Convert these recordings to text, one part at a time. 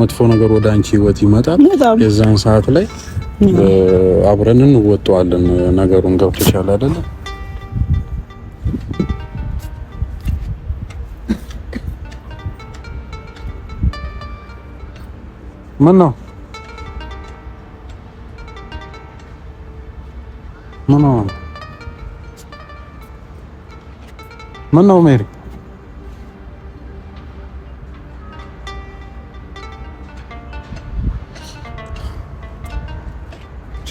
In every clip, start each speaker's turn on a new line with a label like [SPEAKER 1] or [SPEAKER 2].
[SPEAKER 1] መጥፎ ነገር ወደ አንቺ ህይወት ይመጣል። የዛን ሰዓት ላይ አብረን እንወጣዋለን። ነገሩን ገብቶሻል አይደለ? ምን ነው ምን ነው ምን ነው ሜሪ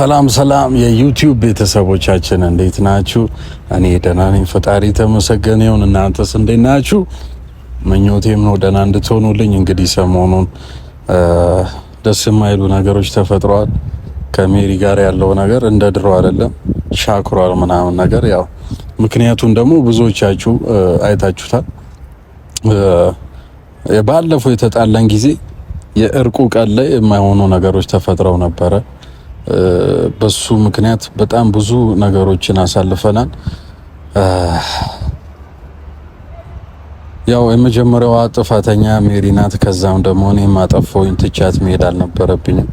[SPEAKER 1] ሰላም ሰላም የዩቲዩብ ቤተሰቦቻችን እንዴት ናችሁ? እኔ ደህና ነኝ፣ ፈጣሪ ተመሰገነ ይሁን። እናንተስ እንዴት ናችሁ? ምኞቴም ነው ደህና እንድትሆኑልኝ። እንግዲህ ሰሞኑን ደስ የማይሉ ነገሮች ተፈጥረዋል። ከሜሪ ጋር ያለው ነገር እንደ ድሮ አይደለም፣ ሻክሯል ምናምን ነገር ያው ምክንያቱም ደግሞ ብዙዎቻችሁ አይታችሁታል። ባለፈው የተጣላን ጊዜ የእርቁ ቀን ላይ የማይሆኑ ነገሮች ተፈጥረው ነበረ። በሱ ምክንያት በጣም ብዙ ነገሮችን አሳልፈናል። ያው የመጀመሪያዋ ጥፋተኛ ሜሪ ናት። ከዛም ደግሞ እኔም አጠፋሁኝ። ትቻት መሄድ አልነበረብኝም።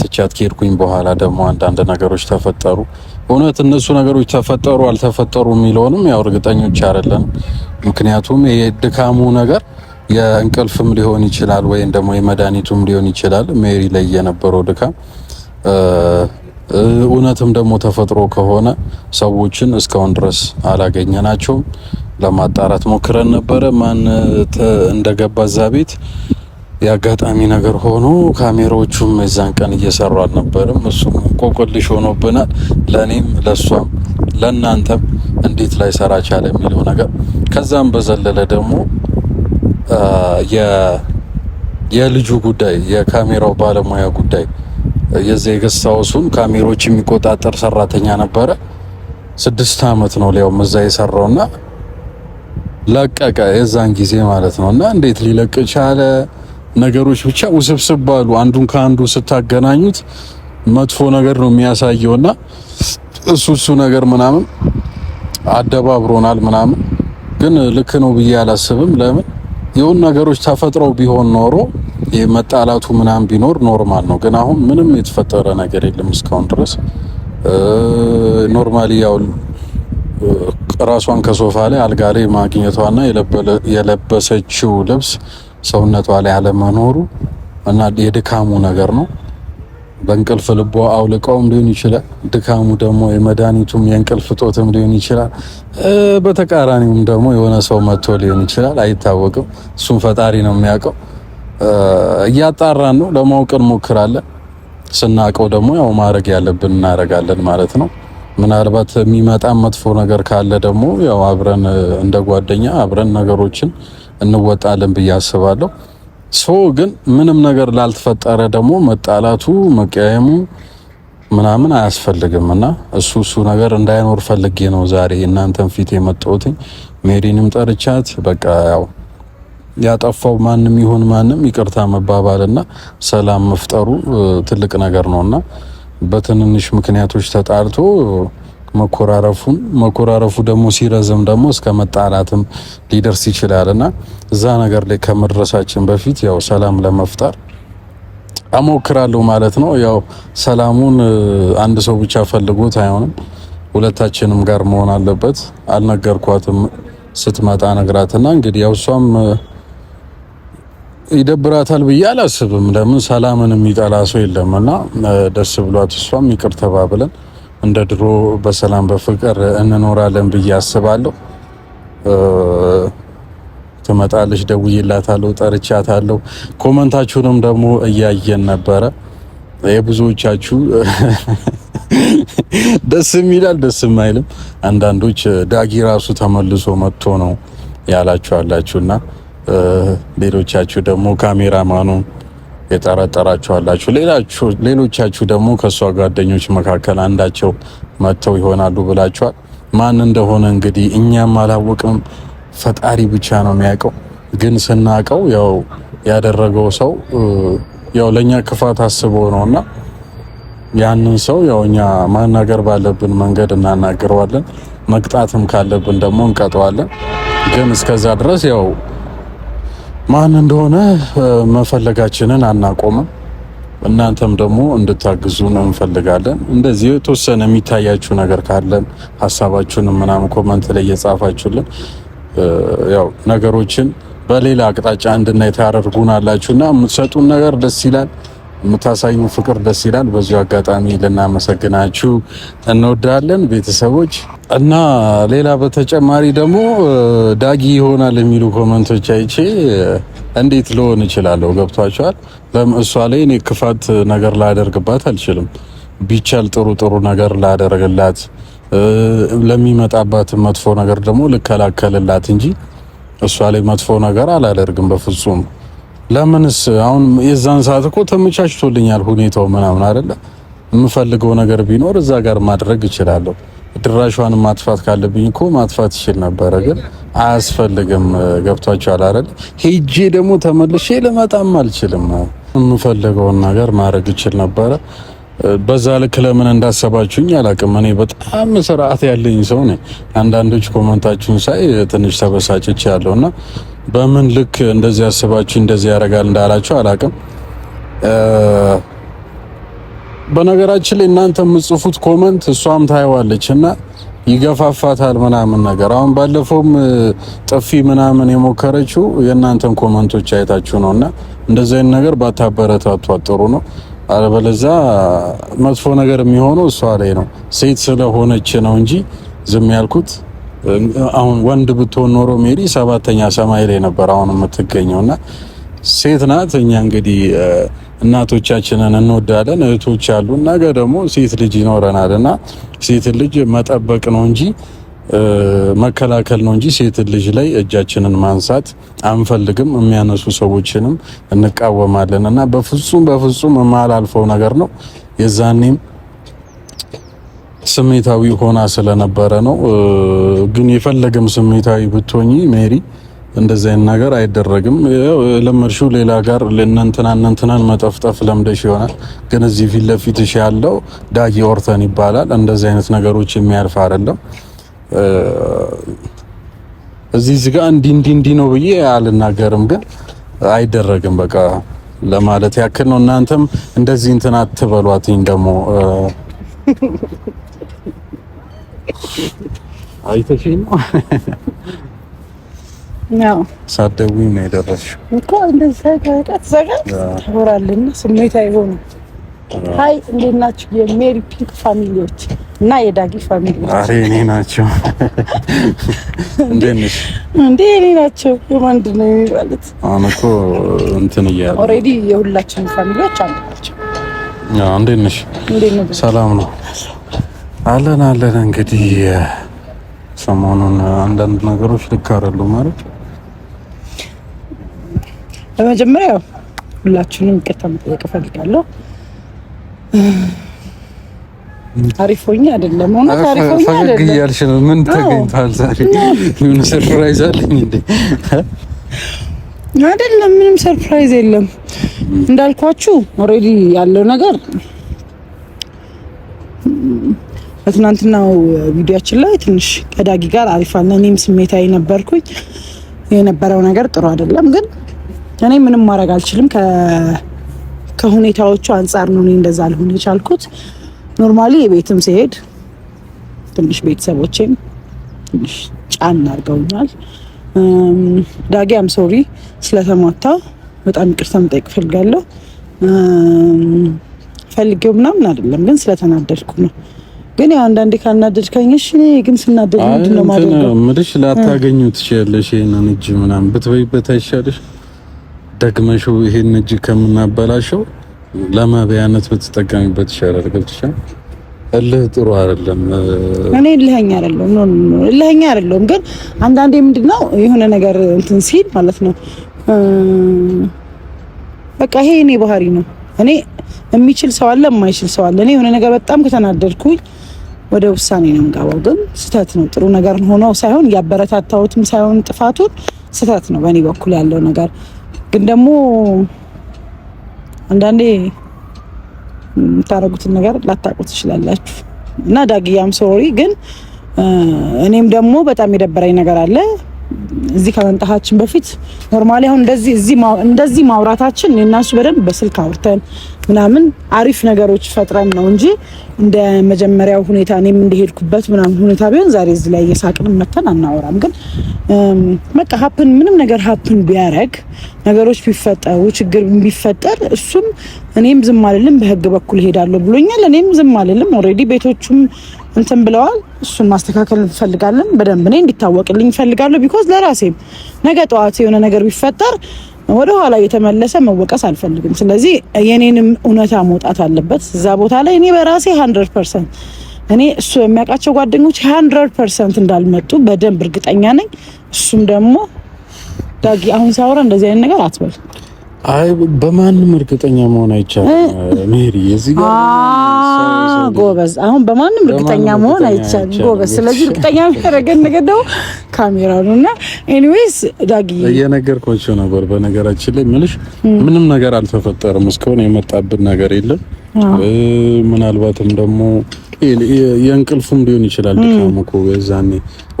[SPEAKER 1] ትቻት ከሄድኩኝ በኋላ ደግሞ አንዳንድ ነገሮች ተፈጠሩ። እውነት እነሱ ነገሮች ተፈጠሩ አልተፈጠሩ የሚለውንም ያው እርግጠኞች አይደለንም። ምክንያቱም የድካሙ ነገር የእንቅልፍም ሊሆን ይችላል ወይም ደግሞ የመድኃኒቱም ሊሆን ይችላል። ሜሪ ላይ የነበረው ድካም እውነትም ደግሞ ተፈጥሮ ከሆነ ሰዎችን እስካሁን ድረስ አላገኘናቸውም። ለማጣራት ሞክረን ነበረ ማን እንደገባ እዛ ቤት። የአጋጣሚ ነገር ሆኖ ካሜራዎቹም የዛን ቀን እየሰሩ አልነበርም። እሱም እንቆቅልሽ ሆኖብናል። ለእኔም ለእሷም ለእናንተም እንዴት ላይ ሰራ ቻለ የሚለው ነገር ከዛም በዘለለ ደግሞ የልጁ ጉዳይ የካሜራው ባለሙያ ጉዳይ የዛ የገስት ካሜሮች የሚቆጣጠር ሰራተኛ ነበረ። ስድስት አመት ነው ሊያውም እዛ የሰራውና ለቀቀ፣ የዛን ጊዜ ማለት ነው። እና እንዴት ሊለቅ ቻለ? ነገሮች ብቻ ውስብስብ ባሉ አንዱን ከአንዱ ስታገናኙት መጥፎ ነገር ነው የሚያሳየውና እሱ እሱ ነገር ምናምን አደባብሮናል ምናምን፣ ግን ልክ ነው ብዬ አላስብም። ለምን የሆኑ ነገሮች ተፈጥረው ቢሆን ኖሮ መጣላቱ ምናምን ቢኖር ኖርማል ነው። ግን አሁን ምንም የተፈጠረ ነገር የለም እስካሁን ድረስ ኖርማሊ ያው ራሷን ከሶፋ ላይ አልጋ ላይ ማግኘቷና የለበሰችው ልብስ ሰውነቷ ላይ አለመኖሩ እና የድካሙ ነገር ነው። በእንቅልፍ ልቦ አውልቀውም ሊሆን ይችላል። ድካሙ ደግሞ የመድኃኒቱም የእንቅልፍ ጦትም ሊሆን ይችላል። በተቃራኒውም ደግሞ የሆነ ሰው መጥቶ ሊሆን ይችላል። አይታወቅም። እሱም ፈጣሪ ነው የሚያውቀው። እያጣራን ነው፣ ለማወቅ እንሞክራለን። ስናውቀው ደግሞ ያው ማድረግ ያለብን እናደርጋለን ማለት ነው። ምናልባት የሚመጣ መጥፎ ነገር ካለ ደግሞ ያው አብረን እንደ ጓደኛ አብረን ነገሮችን እንወጣለን ብዬ አስባለሁ። ሶ ግን ምንም ነገር ላልተፈጠረ ደግሞ መጣላቱ መቀያየሙ ምናምን አያስፈልግም እና እሱ እሱ ነገር እንዳይኖር ፈልጌ ነው ዛሬ እናንተን ፊት የመጣሁት። ሜሪንም ጠርቻት በቃ ያው ያጠፋው ማንም ይሁን ማንም ይቅርታ መባባልና ሰላም መፍጠሩ ትልቅ ነገር ነውና በትንንሽ ምክንያቶች ተጣልቶ መኮራረፉን መኮራረፉ ደግሞ ሲረዝም ደግሞ እስከ መጣላትም ሊደርስ ይችላል እና እዛ ነገር ላይ ከመድረሳችን በፊት ያው ሰላም ለመፍጠር አሞክራለሁ ማለት ነው። ያው ሰላሙን አንድ ሰው ብቻ ፈልጎት አይሆንም፣ ሁለታችንም ጋር መሆን አለበት። አልነገርኳትም ስትመጣ ነግራትና እንግዲህ ያው እሷም ይደብራታል ብዬ አላስብም። ለምን ሰላምን የሚጠላ ሰው የለምና ደስ ብሏት እሷም ይቅር ተባብለን እንደ ድሮ በሰላም በፍቅር እንኖራለን ብዬ አስባለሁ። ትመጣለች፣ ደውዬላታለሁ፣ ጠርቻታለሁ። ኮመንታችሁንም ደግሞ እያየን ነበረ። የብዙዎቻችሁ ደስም ይላል ደስም አይልም። አንዳንዶች ዳጊ ራሱ ተመልሶ መጥቶ ነው ያላችኋላችሁና ሌሎቻችሁ ደግሞ ካሜራማኑ የጠረጠራችሁ አላችሁ። ሌሎቻችሁ ደግሞ ከእሷ ጓደኞች መካከል አንዳቸው መጥተው ይሆናሉ ብላችኋል። ማን እንደሆነ እንግዲህ እኛም አላወቅም፣ ፈጣሪ ብቻ ነው የሚያውቀው። ግን ስናውቀው ያው ያደረገው ሰው ያው ለኛ ክፋት አስቦ ነው እና ያንን ሰው ያው እኛ ማናገር ባለብን መንገድ እናናግረዋለን፣ መቅጣትም ካለብን ደግሞ እንቀጠዋለን። ግን እስከዛ ድረስ ያው ማን እንደሆነ መፈለጋችንን አናቆምም። እናንተም ደግሞ እንድታግዙን እንፈልጋለን። እንደዚህ የተወሰነ የሚታያችሁ ነገር ካለን ሀሳባችሁን ምናምን ኮመንት ላይ እየጻፋችሁልን ያው ነገሮችን በሌላ አቅጣጫ እንድናይ ታደርጉናላችሁ እና የምትሰጡን ነገር ደስ ይላል። የምታሳዩ ፍቅር ደስ ይላል። በዚሁ አጋጣሚ ልናመሰግናችሁ እንወዳለን ቤተሰቦች እና ሌላ በተጨማሪ ደግሞ ዳጊ ይሆናል የሚሉ ኮመንቶች አይቼ እንዴት ልሆን እችላለሁ? ገብቷቸዋል። እሷ ላይ እኔ ክፋት ነገር ላደርግባት አልችልም። ቢቻል ጥሩ ጥሩ ነገር ላደርግላት፣ ለሚመጣባት መጥፎ ነገር ደግሞ ልከላከልላት እንጂ እሷ ላይ መጥፎ ነገር አላደርግም በፍጹም። ለምንስ አሁን የዛን ሰዓት እኮ ተመቻችቶልኛል ሁኔታው ምናምን አይደለ? የምፈልገው ነገር ቢኖር እዛ ጋር ማድረግ እችላለሁ። ድራሿን ማጥፋት ካለብኝ እኮ ማጥፋት ይችል ነበረ፣ ግን አያስፈልግም። ገብቷችኋል አይደል? ሄጄ ደግሞ ተመልሼ ልመጣም አልችልም። የምፈልገውን ነገር ማድረግ እችል ነበረ። በዛ ልክ ለምን እንዳሰባችሁኝ አላቅም። እኔ በጣም ስርዓት ያለኝ ሰው ነኝ። አንዳንዶች ኮመንታችሁን ሳይ ትንሽ ተበሳጭቼ ያለውና በምን ልክ እንደዚህ አስባችሁ እንደዚህ ያደርጋል እንዳላችሁ አላቅም። በነገራችን ላይ እናንተ የምጽፉት ኮመንት እሷም ታየዋለች እና ይገፋፋታል ምናምን ነገር። አሁን ባለፈውም ጥፊ ምናምን የሞከረችው የእናንተን ኮመንቶች አይታችሁ ነው እና እንደዚህ አይነት ነገር ባታበረታቷት ጥሩ ነው። አለበለዚያ መጥፎ ነገር የሚሆነው እሷ ላይ ነው። ሴት ስለሆነች ነው እንጂ ዝም ያልኩት። አሁን ወንድ ብትሆን ኖሮ ሜሪ ሰባተኛ ሰማይ ላይ ነበር አሁን የምትገኘው ሴት ናት። እኛ እንግዲህ እናቶቻችንን እንወዳለን፣ እህቶች አሉ። ነገ ደግሞ ሴት ልጅ ይኖረናል እና ሴት ልጅ መጠበቅ ነው እንጂ መከላከል ነው እንጂ ሴት ልጅ ላይ እጃችንን ማንሳት አንፈልግም። የሚያነሱ ሰዎችንም እንቃወማለን እና በፍጹም በፍጹም የማላልፈው ነገር ነው የዛኔም ስሜታዊ ሆና ስለነበረ ነው። ግን የፈለገም ስሜታዊ ብትሆኚ ሜሪ እንደዚህ አይነት ነገር አይደረግም። ለመርሹ ሌላ ጋር ለእነንትና እነንትናን መጠፍጠፍ ለምደሽ ይሆናል። ግን እዚህ ፊት ለፊትሽ ያለው ዳጊ ኦርተን ይባላል። እንደዚህ አይነት ነገሮች የሚያልፍ አይደለም። እዚህ ዝጋ እንዲህ እንዲህ እንዲህ ነው ብዬ አልናገርም፣ ግን አይደረግም በቃ ለማለት ያክል ነው። እናንተም እንደዚህ እንትን አትበሏትኝ ደግሞ አይተሽኝ ነው ሳትደውይኝ ነው የደረስሽው
[SPEAKER 2] እኮ እንደዛ ከርቀት ዘጋት ታወራለና ስሜት አይሆንም። ሀይ እንዴት ናችሁ? የሜሪ ፒንክ ፋሚሊዎች እና የዳጊ ፋሚሊዎች
[SPEAKER 1] ኧረ እኔ ናቸው
[SPEAKER 2] እንዴ እኔ ናቸው የማንድ ነው የሚባሉት።
[SPEAKER 1] አሁን እኮ እንትን እያለ
[SPEAKER 2] ኦልሬዲ የሁላችንም ፋሚሊዎች አንድ ናቸው።
[SPEAKER 1] እንዴት ነሽ? ሰላም ነው አለን አለን እንግዲህ ሰሞኑን አንዳንድ ነገሮች ልክ አይደሉም ማለት
[SPEAKER 2] በመጀመሪያ ሁላችሁንም ይቅርታ መጠየቅ እፈልጋለሁ። አሪፎኝ አይደለም
[SPEAKER 1] ሆነ አሪፎኝ አይደለም። ፈገግ እያልሽ ነው። ምን ተገኝቷል ዛሬ? ምን ሰርፕራይዝ አለኝ እንዴ?
[SPEAKER 2] አይደለም፣ ምንም ሰርፕራይዝ የለም። እንዳልኳችሁ ኦልሬዲ ያለው ነገር በትናንትናው ቪዲዮችን ላይ ትንሽ ከዳጊ ጋር አሪፍ አለ። እኔም ስሜታዊ ነበርኩኝ። የነበረው ነገር ጥሩ አይደለም፣ ግን እኔ ምንም ማድረግ አልችልም። ከሁኔታዎቹ አንጻር ነው እኔ እንደዛ ልሆን የቻልኩት። ኖርማሊ የቤትም ሲሄድ ትንሽ ቤተሰቦቼም ትንሽ ጫን አድርገውኛል። ዳጊ አም ሶሪ ስለተሟታ በጣም ይቅርታ መጠየቅ እፈልጋለሁ። ፈልጌው ምናምን አይደለም፣ ግን ስለተናደድኩ ነው ግን ያው አንዳንዴ ካናደድከኝ፣ እሺ። እኔ ግን ስናደድ
[SPEAKER 1] ምንድን ነው ማለት ነው ምልሽ ላታገኙ ትችያለሽ። ይሄንን እጅ ምናምን ብትበይበት አይሻልሽ? ደግመሽው ይሄን እጅ ከምናበላሸው ለማበያነት ብትጠቀሚበት ይሻላል። ገብቶሻል? እልህ ጥሩ አይደለም።
[SPEAKER 2] እኔ እልህኛ አይደለም፣ ኖ እልህኛ አይደለም። ግን አንዳንዴ ምንድን ነው የሆነ ነገር እንትን ሲል ማለት ነው በቃ ይሄ እኔ ባህሪ ነው እኔ የሚችል ሰው አለ፣ የማይችል ሰው አለ። እኔ የሆነ ነገር በጣም ከተናደድኩኝ ወደ ውሳኔ ነው የምገባው። ግን ስህተት ነው ጥሩ ነገር ሆኖ ሳይሆን ያበረታታሁትም ሳይሆን ጥፋቱን ስህተት ነው በእኔ በኩል ያለው ነገር። ግን ደግሞ አንዳንዴ የምታደርጉትን ነገር ላታውቁ ትችላላችሁ። እና ዳግያም ሶሪ። ግን እኔም ደግሞ በጣም የደበረኝ ነገር አለ እዚህ ከመምጣታችን በፊት ኖርማሊ አሁን እንደዚህ እንደዚህ ማውራታችን እናሱ በደንብ በስልክ አውርተን ምናምን አሪፍ ነገሮች ፈጥረን ነው እንጂ እንደ መጀመሪያው ሁኔታ እኔም እንደሄድኩበት ምናምን ሁኔታ ቢሆን ዛሬ እዚህ ላይ እየሳቅን መተን አናወራም። ግን በቃ ሀፕን ምንም ነገር ሀፕን ቢያረግ ነገሮች ቢፈጠሩ ችግር ቢፈጠር እሱም እኔም ዝም አልልም፣ በህግ በኩል ሄዳለሁ ብሎኛል። እኔም ዝም አልልም። ኦልሬዲ ቤቶቹም እንትን ብለዋል። እሱን ማስተካከል እንፈልጋለን። በደንብ እኔ እንዲታወቅልኝ እፈልጋለሁ። ቢኮዝ ለራሴም ነገ ጠዋት የሆነ ነገር ቢፈጠር ወደ ኋላ እየተመለሰ መወቀስ አልፈልግም። ስለዚህ የኔንም እውነታ መውጣት አለበት። እዛ ቦታ ላይ እኔ በራሴ ሀንድረድ ፐርሰንት እኔ እሱ የሚያውቃቸው ጓደኞች ሀንድረድ ፐርሰንት እንዳልመጡ በደንብ እርግጠኛ ነኝ። እሱም ደግሞ ዳጊ አሁን ሳውራ እንደዚህ አይነት ነገር አትበል።
[SPEAKER 1] አይ በማንም እርግጠኛ መሆን አይቻልም ሜሪ እዚህ
[SPEAKER 2] ጋር ጎበዝ። አሁን በማንም እርግጠኛ መሆን አይቻልም። ጎበዝ። ስለዚህ እርግጠኛ የሚያደርገን ነገር ደግሞ ካሜራ ነው እና ኤኒዌይስ፣ ዳጊ
[SPEAKER 1] እየነገርኳቸው ነበር። በነገራችን ላይ ምልሽ ምንም ነገር አልተፈጠረም እስካሁን የመጣብን ነገር የለም። ምናልባትም ደግሞ የእንቅልፉም ሊሆን ይችላል ድካሙ እኮ የዛኔ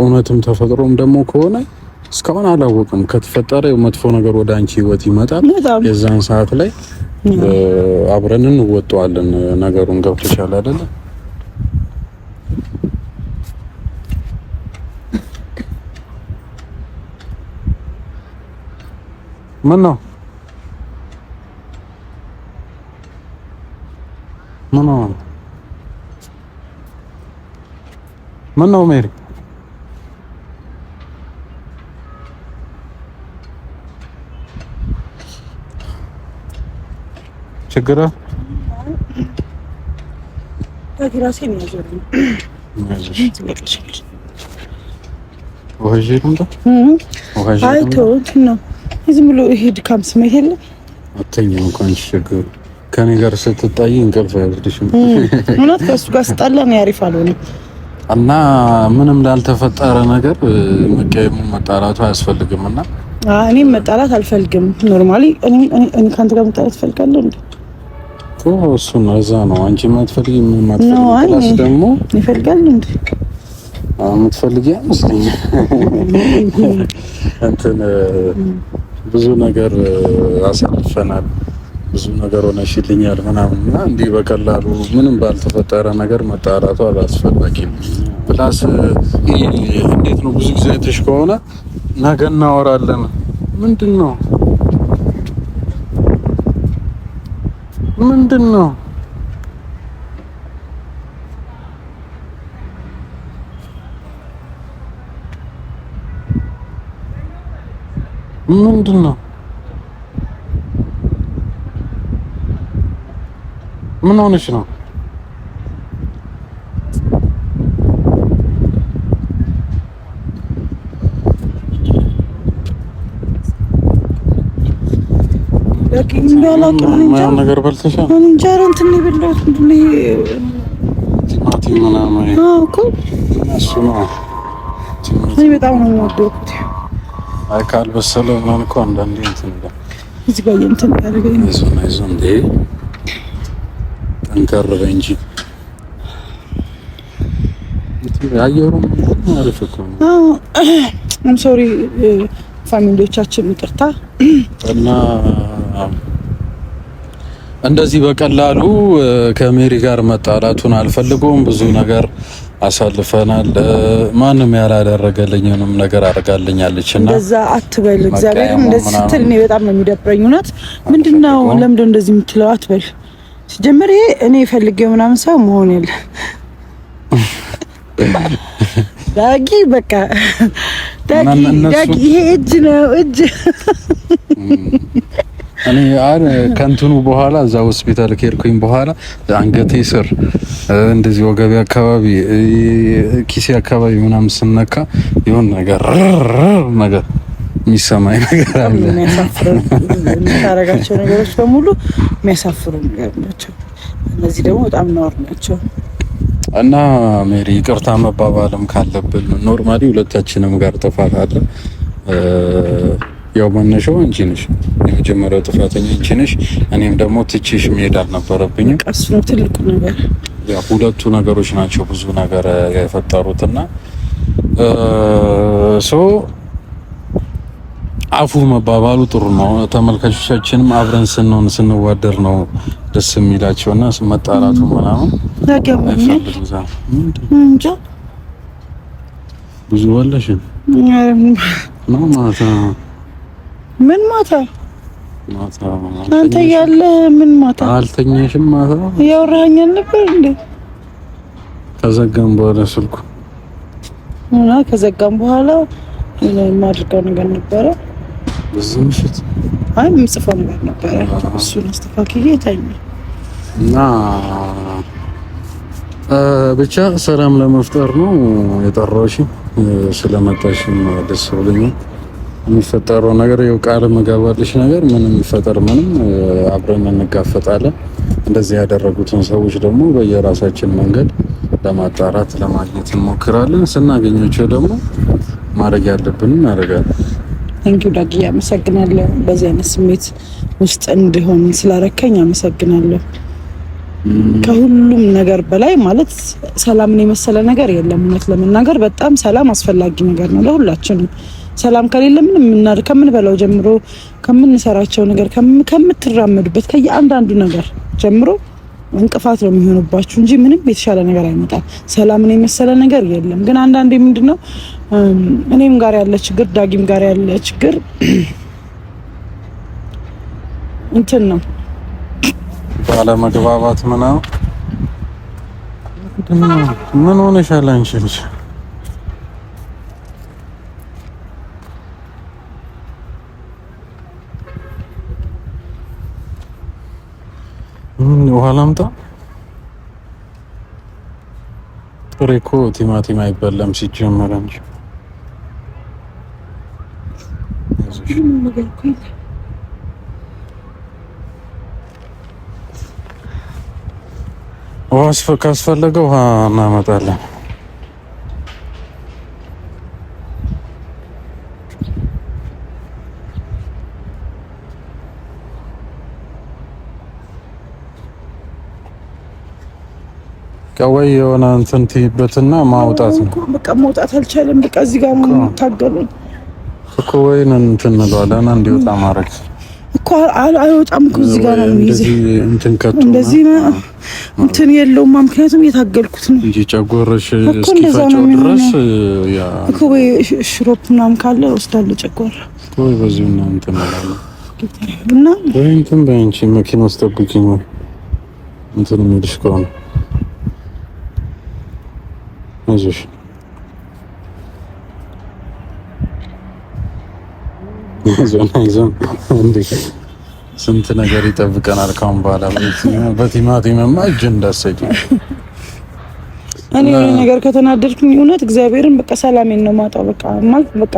[SPEAKER 1] እውነትም ተፈጥሮም ደግሞ ከሆነ እስካሁን አላወቅም። ከተፈጠረ መጥፎ ነገር ወደ አንቺ ህይወት ይመጣል የዛን ሰዓት ላይ አብረን እንወጣዋለን። ነገሩን ገብቶሻል አይደለ? ምን ነው ምን ነው ምን ነው ሜሪ ችግር ነው።
[SPEAKER 2] ዝም ብሎ ይሄ ድካም ስሜት
[SPEAKER 1] አተኛው እንኳን ከኔ ጋር ስትጣይ እንቅልፍ
[SPEAKER 2] እውነት ከእሱ ጋር ስጣላ ነው ያሪፍ አልሆነም
[SPEAKER 1] እና ምንም ላልተፈጠረ ነገር መቀየሙ መጣላቱ አያስፈልግም እና
[SPEAKER 2] እኔም መጣላት አልፈልግም። ኖርማሊ እኔ ከአንተ ጋር መጣላት እፈልጋለሁ እንዴ
[SPEAKER 1] እሱ ነው። እዛ ነው አንቺ የማትፈልጊ የማትፈልጊ ደግሞ
[SPEAKER 2] ይፈልጋል እንዴ?
[SPEAKER 1] የምትፈልጊ አይመስለኝም። እንትን ብዙ ነገር አሳልፈናል፣ ብዙ ነገር ሆነሽልኛል ምናምን እና እንዲህ በቀላሉ ምንም ባልተፈጠረ ነገር መጣራቱ አላስፈላጊም። ፕላስ እንዴት ነው ብዙ ጊዜ አይተሽ ከሆነ ነገ እናወራለን ምንድን ነው ምንድን ነው? ምንድን ነው? ምን ሆነች ነው? አላውቅም። ነገር በልተሻል?
[SPEAKER 2] እንጀራ እንትን ጠንከር
[SPEAKER 1] በይ እንጂ አየሩም አሪፍ እኮ
[SPEAKER 2] ነው። ሶሪ ፋሚሊዎቻችን ይቅርታ
[SPEAKER 1] እና እንደዚህ በቀላሉ ከሜሪ ጋር መጣላቱን አልፈልገውም። ብዙ ነገር አሳልፈናል። ማንም ያላደረገልኝንም ነገር አድርጋልኛለች እና
[SPEAKER 2] እንደዛ አትበል። እግዚአብሔር እንደዚህ ስትል እኔ በጣም ነው የሚደብረኝ። እውነት ነው ለምደው እንደዚህ የምትለው? አትበል። ሲጀምር ይሄ እኔ ፈልጌው ምናምን ሰው መሆን የለ ዳጊ በቃ ዳጊ ዳጊ ይሄ እጅ ነው እጅ
[SPEAKER 1] እኔ አን ከእንትኑ በኋላ እዛ ሆስፒታል ከሄድኩኝ በኋላ አንገቴ ስር እንደዚህ ወገቤ አካባቢ ኪሴ አካባቢ ምናም ስነካ ይሁን ነገር ነገር የሚሰማኝ ነገር
[SPEAKER 2] አለ። የምታረጋቸው ነገሮች በሙሉ የሚያሳፍሩ ነገር ናቸው። እነዚህ ደግሞ በጣም ነውር ናቸው።
[SPEAKER 1] እና ሜሪ ይቅርታ መባባልም ካለብን ኖርማሊ ሁለታችንም ጋር ጥፋት አለ። ያው መነሻው አንቺ ነሽ፣ የመጀመሪያው ጥፋተኛ አንቺ ነሽ። እኔም ደግሞ ትችሽ መሄድ አልነበረብኝም።
[SPEAKER 2] ቀሱ ትልቁ ነገር
[SPEAKER 1] ያው ሁለቱ ነገሮች ናቸው ብዙ ነገር የፈጠሩትና ሶ አፉ መባባሉ ጥሩ ነው። ተመልካቾቻችንም አብረን ስንሆን ስንዋደር ነው ደስ የሚላቸውና መጣራቱ ምናምን ብዙ ወለሽ
[SPEAKER 2] ነው ማለት ነው ምን ማታ ማታ አንተ ያለ ምን ማታ
[SPEAKER 1] አልተኛሽም? ማታ
[SPEAKER 2] እያወራኸኝ ነበር እንዴ?
[SPEAKER 1] ከዘጋም በኋላ ስልኩ
[SPEAKER 2] እና ከዘጋም በኋላ የማድርገው ነገር ነበረ።
[SPEAKER 1] በዚህ ምሽት
[SPEAKER 2] አይ የምጽፈው ነገር ነበረ። እሱን አስተካክዬ ተኛ
[SPEAKER 1] እና ብቻ ሰላም ለመፍጠር ነው የጠራሁሽ። ስለመጣሽ ደስ ብሎኛል። የሚፈጠረው ነገር የው ቃል መገባልሽ ነገር ምንም የሚፈጠር ምንም አብረን እንጋፈጣለን። እንደዚህ ያደረጉትን ሰዎች ደግሞ በየራሳችን መንገድ ለማጣራት ለማግኘት እንሞክራለን። ስናገኛቸው ደግሞ ማድረግ ያለብን እናደርጋለን።
[SPEAKER 2] ታንኪዩ ዳጊ፣ አመሰግናለሁ። በዚህ አይነት ስሜት ውስጥ እንድሆን ስላረከኝ አመሰግናለሁ። ከሁሉም ነገር በላይ ማለት ሰላምን የመሰለ ነገር የለም። እውነት ለመናገር በጣም ሰላም አስፈላጊ ነገር ነው ለሁላችንም። ሰላም ከሌለ ምንም ከምን ከምንበላው ጀምሮ ከምንሰራቸው ነገር ከምትራመዱበት ከየአንዳንዱ ነገር ጀምሮ እንቅፋት ነው የሚሆኑባችሁ እንጂ ምንም የተሻለ ነገር አይመጣም። ሰላምን የመሰለ ነገር የለም። ግን አንዳንዴ ምንድን ነው እኔም ጋር ያለ ችግር ዳጊም ጋር ያለ ችግር እንትን ነው
[SPEAKER 1] ባለመግባባት ምናምን ምን ሆነሻል አንቺ ልጅ ምን ውሃ ላምጣ? ጥሬ እኮ ቲማቲም አይበላም ሲጀመር እንጂ ውሃ ካስፈለገ ውሃ እናመጣለን። ወይ የሆነ እንትን ትይበትና ማውጣት
[SPEAKER 2] ነው። በቃ መውጣት አልቻለም። በቃ እዚህ ጋር ነው የምታገሉኝ
[SPEAKER 1] እኮ ወይን እንትን እንለዋለን እንዲወጣ ማድረግ
[SPEAKER 2] እኮ አይወጣም እኮ እዚህ
[SPEAKER 1] ጋር ነው የሚይዘው። እንትን ከቶ
[SPEAKER 2] እንደዚህ እንትን የለውማ። ምክንያቱም እየታገልኩት
[SPEAKER 1] ነው እንጂ ጨጎረሽ እስኪፈጨው ድረስ
[SPEAKER 2] ያ እኮ ወይ ሽሮፕ ምናምን ካለ ወስዳለሁ። ጨጓራ
[SPEAKER 1] ወይ በዚህ እና እንትን እንላለን እና ወይ እንትን በይ አንቺ መኪና ውስጥ ጠብቂኝ። እንትን የሚልሽ ከሆነ አይዞሽ አይዞን ስንት ነገር ይጠብቀናል ካሁን በኋላ። በቲማቲምማ እጅ እንዳሰጭ
[SPEAKER 2] እኔ ነገር ከተናደድኩኝ እውነት እግዚአብሔርን በቃ ሰላሜን ነው ማጣው። በቃ ማለት በቃ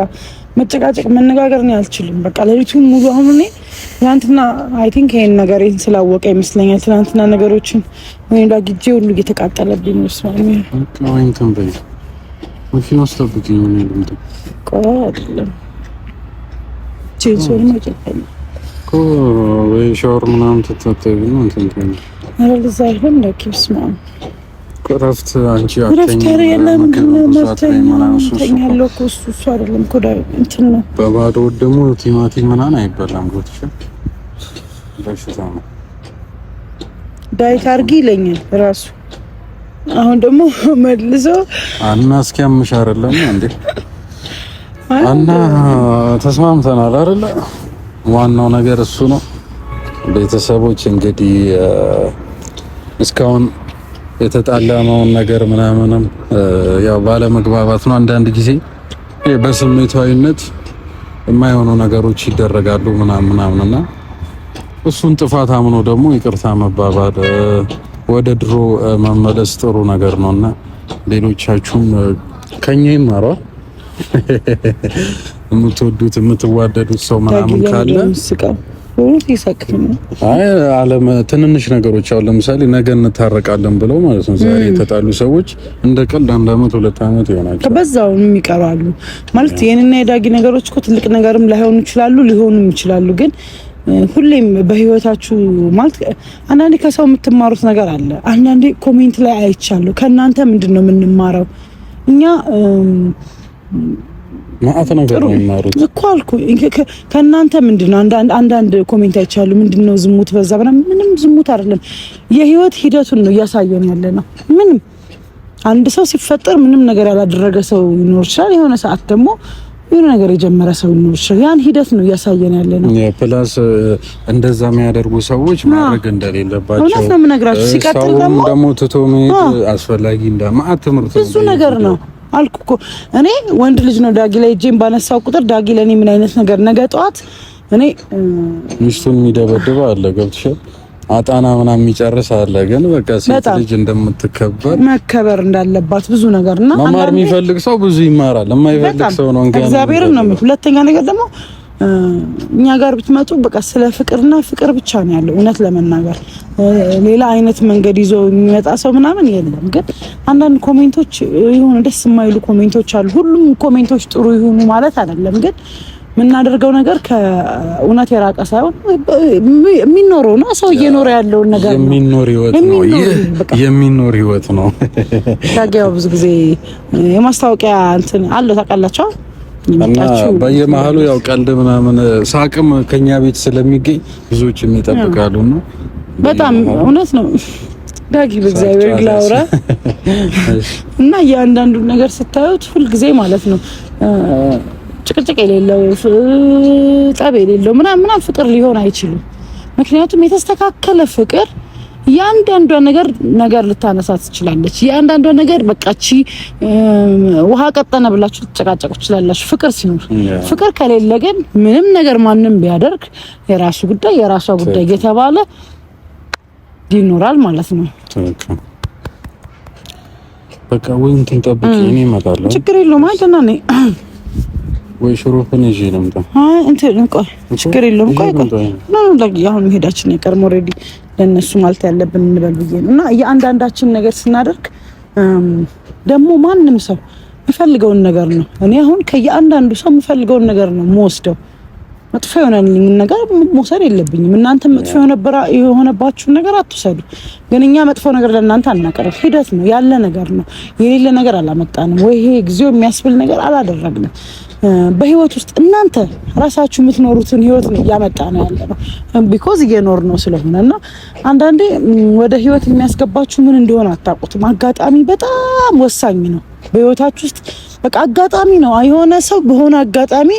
[SPEAKER 2] መጨቃጨቅ መነጋገር ነው አልችልም። በቃ ሌሊቱን ሙሉ አሁን እኔ ትናንትና አይ ቲንክ ይሄን ነገር ስላወቀ ይመስለኛል። ትናንትና ነገሮችን ወይም ዳግጄ ሁሉ እየተቃጠለብኝ ይመስላል።
[SPEAKER 1] መኪና ውስጥ ጠብቂኝ
[SPEAKER 2] አይደለም ቼንሶር
[SPEAKER 1] ወይ ሻወር ምናምን ትታጠቢ ነው እንትን
[SPEAKER 2] ትላለች። ኧረ አይሆን ዳኪ ብስማ እረፍት አንቺ እረፍት የለም ግን መፍተኛለሁ እኮ እሱ እሱ አይደለም እኮ እንትን ነው።
[SPEAKER 1] በባዶ ደግሞ ቲማቲም ምናምን አይበላም። ጎትሽ በሽታ
[SPEAKER 2] ነው። ዳይት አድርጊ ይለኛል ራሱ። አሁን ደግሞ መልሶ
[SPEAKER 1] አና እስኪያምሽ አይደለም እንዴ አና ተስማምተናል አይደለ? ዋናው ነገር እሱ ነው። ቤተሰቦች እንግዲህ እስካሁን የተጣላመውን ነገር ምናምንም ያው ባለመግባባት ነው። አንዳንድ ጊዜ በስሜታዊነት የማይሆኑ ነገሮች ይደረጋሉ ምናምን ምናምንና እሱን ጥፋት አምኖ ደግሞ ይቅርታ መባባል ወደ ድሮ መመለስ ጥሩ ነገር ነውና ሌሎቻችሁም ከኛ ይማሯል። የምትወዱት የምትዋደዱት ሰው ምናምን ካለ አለም ትንንሽ ነገሮች አሁን ለምሳሌ ነገ እንታረቃለን ብለው ማለት ነው ዛሬ የተጣሉ ሰዎች እንደ ቀልድ አንድ አመት ሁለት አመት
[SPEAKER 2] ይሆናቸው በዛውም ይቀራሉ ማለት የኔና የዳጊ ነገሮች እኮ ትልቅ ነገርም ላይሆኑ ይችላሉ ሊሆኑም ይችላሉ ግን ሁሌም በህይወታችሁ ማለት አንዳንዴ ከሰው የምትማሩት ነገር አለ አንዳንዴ ኮሜንት ላይ አይቻለሁ ከእናንተ ምንድን ነው የምንማረው እኛ
[SPEAKER 1] ማአት ነገር ነው
[SPEAKER 2] የሚማሩት እኮ አልኩህ። ከእናንተ ምንድን ነው አንዳንድ ኮሜንት አይቻሉ ምንድን ነው ዝሙት በዛ ምናምን። ምንም ዝሙት አይደለም፣ የህይወት ሂደቱን ነው እያሳየን ያለ ነው። ምንም አንድ ሰው ሲፈጠር ምንም ነገር ያላደረገ ሰው ይኖር ይችላል። የሆነ ሰዓት ደግሞ የሆነ ነገር የጀመረ ሰው ይኖር ይችላል። ያን ሂደት ነው እያሳየን ያለ
[SPEAKER 1] ነው። ፕላስ እንደዛ የሚያደርጉ ሰዎች ማድረግ እንደሌለባቸው
[SPEAKER 2] እውነት ነው የምነግራቸው።
[SPEAKER 1] ሲቀጥል ደግሞ ደግሞ ትቶ መሄድ አስፈላጊ እንዳ ማአት ትምህርት
[SPEAKER 2] ብዙ ነገር ነው አልኩ እኮ እኔ ወንድ ልጅ ነው ዳጊ ላይ እጄን ባነሳው ቁጥር ዳጊ ለእኔ ምን አይነት ነገር ነገ ጠዋት እኔ
[SPEAKER 1] ሚስቱን የሚደበድበ አለ ገብትሻል አጣና ምናምን የሚጨርስ አለ። ግን በቃ ሴት ልጅ እንደምትከበር
[SPEAKER 2] መከበር እንዳለባት ብዙ ነገርና
[SPEAKER 1] መማር የሚፈልግ ሰው ብዙ ይማራል።
[SPEAKER 2] የማይፈልግ ሰው ነው እንግዲህ እግዚአብሔር ነው። ሁለተኛ ነገር ደግሞ እኛ ጋር ብትመጡ በቃ ስለ ፍቅርና ፍቅር ብቻ ነው ያለው። እውነት ለመናገር ሌላ አይነት መንገድ ይዞ የሚመጣ ሰው ምናምን የለም። ግን አንዳንድ ኮሜንቶች የሆነ ደስ የማይሉ ኮሜንቶች አሉ። ሁሉም ኮሜንቶች ጥሩ ይሆኑ ማለት አይደለም። ግን የምናደርገው ነገር ከእውነት የራቀ ሳይሆን የሚኖረው ነው። ሰው እየኖረ ያለውን ነገር
[SPEAKER 1] የሚኖር ህይወት ነው። የሚኖር ህይወት ነው።
[SPEAKER 2] ብዙ ጊዜ የማስታወቂያ እንትን አለው ታውቃላቸዋል
[SPEAKER 1] እና በየመሀሉ ያው ቀልድ ምናምን ሳቅም ከኛ ቤት ስለሚገኝ ብዙዎችም የሚጠብቃሉ ነው
[SPEAKER 2] በጣም እውነት ነው ዳጊ በእግዚአብሔር ግላውራ እና እያንዳንዱ ነገር ስታዩት ሁልጊዜ ማለት ነው ጭቅጭቅ የሌለው ጠብ የሌለው ምናምን ምናምን ፍቅር ሊሆን አይችልም። ምክንያቱም የተስተካከለ ፍቅር ያንዳንዷ ነገር ነገር ልታነሳ ትችላለች። ያንዳንዷ ነገር በቃ እቺ ውሃ ቀጠነ ብላችሁ ልትጨቃጨቁ ትችላላችሁ ፍቅር ሲኖር። ፍቅር ከሌለ ግን ምንም ነገር ማንም ቢያደርግ የራሱ ጉዳይ የራሷ ጉዳይ የተባለ ይኖራል ማለት ነው።
[SPEAKER 1] በቃ ወይ እንትን ጠብቂ፣ እኔ እመጣለሁ።
[SPEAKER 2] ችግር የለውም አይደና ነኝ
[SPEAKER 1] ወይ ሽሮ ፈን ፍንጂ ነው
[SPEAKER 2] አይ እንትን ቆይ፣ ችግር የለውም ቆይ ቆይ ነው ነው ለጊዜ አሁን መሄዳችን አይቀርም ኦልሬዲ ለእነሱ ማለት ያለብን እንበል ብዬ ነው። እና የአንዳንዳችን ነገር ስናደርግ ደግሞ ማንም ሰው የሚፈልገውን ነገር ነው። እኔ አሁን ከየአንዳንዱ ሰው የምፈልገውን ነገር ነው የምወስደው። መጥፎ የሆነልኝ ነገር መውሰድ የለብኝም። እናንተ መጥፎ የሆነባችሁን ነገር አትውሰዱ። ግን እኛ መጥፎ ነገር ለእናንተ አናቀርብ። ሂደት ነው፣ ያለ ነገር ነው። የሌለ ነገር አላመጣንም ወይ ይሄ ጊዜው የሚያስብል ነገር አላደረግንም። በህይወት ውስጥ እናንተ ራሳችሁ የምትኖሩትን ህይወት ነው እያመጣ ነው ያለ ነው። ቢኮዝ እየኖር ነው ስለሆነ እና አንዳንዴ ወደ ህይወት የሚያስገባችሁ ምን እንደሆነ አታውቁትም። አጋጣሚ በጣም ወሳኝ ነው በህይወታችሁ ውስጥ በቃ አጋጣሚ ነው። የሆነ ሰው በሆነ አጋጣሚ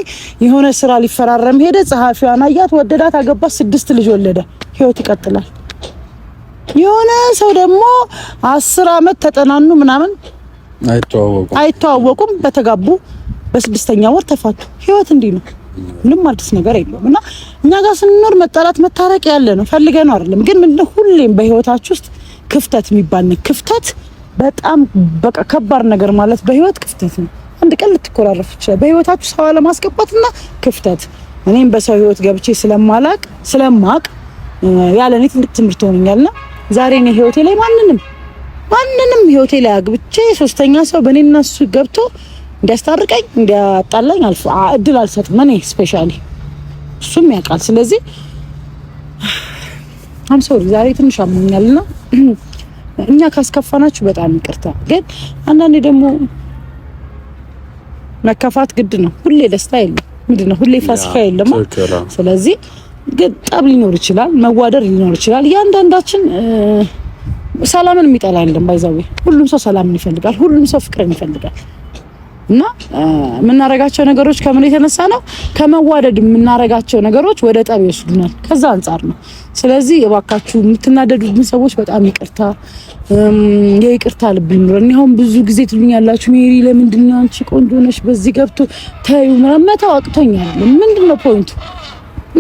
[SPEAKER 2] የሆነ ስራ ሊፈራረም ሄደ። ጸሐፊዋን አያት፣ ወደዳት፣ አገባት፣ ስድስት ልጅ ወለደ። ህይወት ይቀጥላል። የሆነ ሰው ደግሞ አስር አመት ተጠናኑ ምናምን አይተዋወቁም። በተጋቡ በስድስተኛ ወር ተፋቱ። ህይወት እንዲህ ነው። ምንም አዲስ ነገር የለውም እና እኛ ጋር ስንኖር መጣላት መታረቅ ያለ ነው። ፈልገ ነው አይደለም። ግን ምን ሁሌም በህይወታችሁ ውስጥ ክፍተት የሚባል ክፍተት በጣም በቃ ከባድ ነገር ማለት በህይወት ክፍተት ነው። አንድ ቀን ልትኮራረፍ ይችላል። በህይወታችሁ ሰው አለማስገባትና ክፍተት እኔም በሰው ህይወት ገብቼ ስለማላቅ ስለማቅ ያለ እኔ ትልቅ ትምህርት ሆኖኛልና ዛሬ እኔ ህይወቴ ላይ ማንንም ማንንም ህይወቴ ላይ አግብቼ ሶስተኛ ሰው በእኔና እሱ ገብቶ እንዲያስታርቀኝ እንዲያጣላኝ እድል አልሰጥም። እኔ ስፔሻሊ እሱም ያውቃል። ስለዚህ አምሰው ዛሬ ትንሽ አምኛልና እኛ ካስከፋናችሁ በጣም ይቅርታ። ግን አንዳንዴ ደግሞ መከፋት ግድ ነው። ሁሌ ደስታ የለም። ምንድን ነው ሁሌ ፋሲካ የለም። ስለዚህ ግን ጠብ ሊኖር ይችላል፣ መዋደር ሊኖር ይችላል። እያንዳንዳችን ሰላምን የሚጠላ የለም። ባይዛዌ ሁሉም ሰው ሰላምን ይፈልጋል። ሁሉም ሰው ፍቅርን ይፈልጋል። እና የምናረጋቸው ነገሮች ከምን የተነሳ ነው? ከመዋደድ የምናረጋቸው ነገሮች ወደ ጠብ ይወስዱናል። ከዛ አንጻር ነው። ስለዚህ የባካችሁ የምትናደዱብን ሰዎች በጣም ይቅርታ፣ የይቅርታ ልብ ይኑረን። እኔ አሁን ብዙ ጊዜ ትሉኛላችሁ ሜሪ ለምንድን ነው አንቺ ቆንጆ ነሽ በዚህ ገብቶ ተዩ መተው አቅቶኛል። ምንድን ነው ፖይንቱ?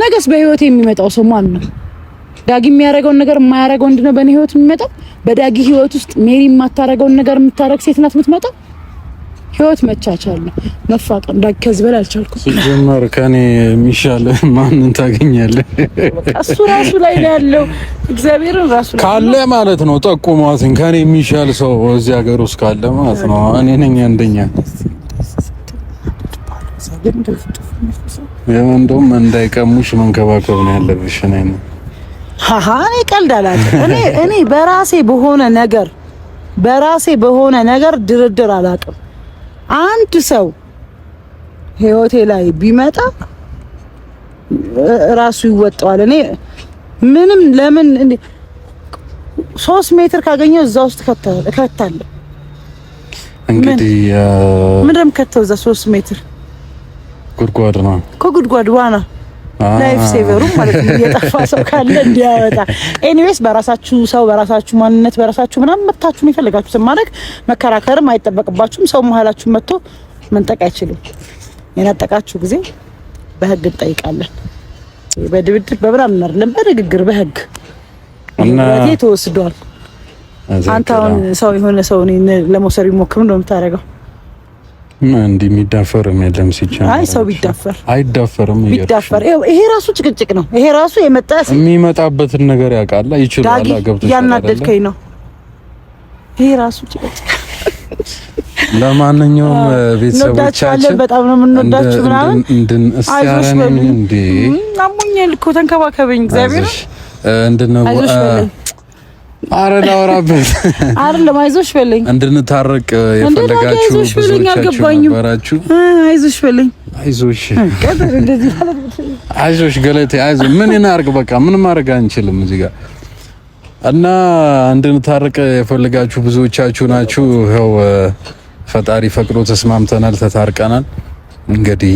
[SPEAKER 2] ነገስ በህይወት የሚመጣው ሰው ማን ነው? ዳጊ የሚያደርገውን ነገር የማያደርገው ወንድ ነው በእኔ ህይወት የሚመጣው? በዳጊ ህይወት ውስጥ ሜሪ የማታደርገውን ነገር የምታደርግ ሴት ናት የምትመጣው? ህይወት መቻቻል ነው፣ መፋቀር እንዳ ከዚህ በላይ አልቻልኩም። ሲጀመር ከኔ የሚሻል ማንን ታገኛለህ? እሱ ራሱ ላይ ነው ያለው። እግዚአብሔርን ራሱ ካለ ማለት ነው ጠቁሟትን። ከኔ የሚሻል ሰው እዚህ ሀገር ውስጥ ካለ ማለት ነው እኔ ነኝ አንደኛ። እንደውም እንዳይቀሙሽ መንከባከብ ነው ያለብሽ። እኔ ነው ሀሀ እኔ ቀልድ አላውቅም። እኔ እኔ በራሴ በሆነ ነገር በራሴ በሆነ ነገር ድርድር አላውቅም። አንድ ሰው ህይወቴ ላይ ቢመጣ ራሱ ይወጣዋል። እኔ ምንም ለምን ሶስት ሜትር ካገኘው እዛ ውስጥ እከታለሁ። እንግዲህ ምንም ከተው እዛ ሶስት ሜትር ጉድጓድ ነው እኮ ጉድጓድ ዋና ላይፍ ሴቨሩ ማለት ነው። የጠፋ ሰው ካለ እንዲያወጣ። ኤኒዌይስ በራሳችሁ ሰው በራሳችሁ ማንነት በራሳችሁ ምናምን መብታችሁን የፈለጋችሁትን ማድረግ መከራከርም አይጠበቅባችሁም። ሰው መሃላችሁ መጥቶ መንጠቅ አይችልም። የነጠቃችሁ ጊዜ በህግ እንጠይቃለን። በድብድብ በምናምን አይደለም፣ በንግግር በህግ ተወስዷል። አንተ አሁን ሰው የሆነ ሰው ለመውሰድ ቢሞክር ነው የምታደርገው እንዲህ የሚዳፈርም የለም። ሲቻል አይ ሰው ቢዳፈር አይዳፈርም። ቢዳፈር ይሄ ራሱ ጭቅጭቅ ነው። ይሄ ራሱ የመጣ የሚመጣበትን ነገር ያውቃል ይችላል። ገብቶ ያናደድከኝ ነው። ይሄ ራሱ ጭቅጭቅ። ለማንኛውም ቤተሰቦቻችን በጣም ነው የምንወዳችሁ ምናምን እንድን እንዴ አሞኛል እኮ ተንከባከበኝ እግዚአብሔር እንድን አረ ላወራበት አይደለም። አይዞሽ በለኝ እንድንታረቅ የፈለጋችሁ ብዙዎቻችሁ ነበራችሁ። አይዞሽ በለኝ አይዞሽ አይዞሽ ገለቴ አይዞሽ። ምን እናርግ? በቃ ምን ማድረግ አንችልም እዚህ ጋር እና እንድንታረቅ የፈለጋችሁ ብዙዎቻችሁ ናችሁ። ይኸው ፈጣሪ ፈቅዶ ተስማምተናል፣ ተታርቀናል። እንግዲህ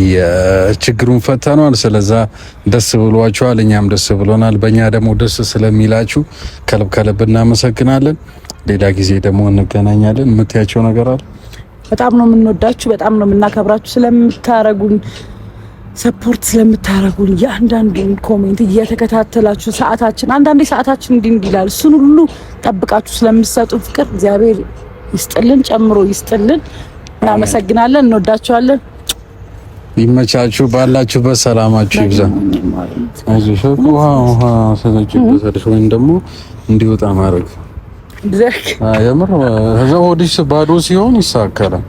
[SPEAKER 2] ችግሩን ፈተኗል። ስለዛ ደስ ብሏችኋል፣ እኛም ደስ ብሎናል። በእኛ ደግሞ ደስ ስለሚላችሁ ከልብ ከልብ እናመሰግናለን። ሌላ ጊዜ ደግሞ እንገናኛለን። የምትያቸው ነገር አለ? በጣም ነው የምንወዳችሁ፣ በጣም ነው የምናከብራችሁ። ስለምታረጉን ሰፖርት ስለምታረጉን የአንዳንዱን ኮሜንት እየተከታተላችሁ ሰዓታችን አንዳንዴ ሰዓታችን እንዲህ እንዲህ ይላል። እሱን ሁሉ ጠብቃችሁ ስለምትሰጡ ፍቅር እግዚአብሔር ይስጥልን፣ ጨምሮ ይስጥልን። እናመሰግናለን። እንወዳችኋለን። ይመቻችሁ። ባላችሁበት ሰላማችሁ ይብዛ። እዚህ ሸቁ ውሃ ውሃ ሰጠችበት ወይም ደግሞ እንዲወጣ ማድረግ የምር ከዛ ሆድሽ ባዶ ሲሆን ይሳከራል።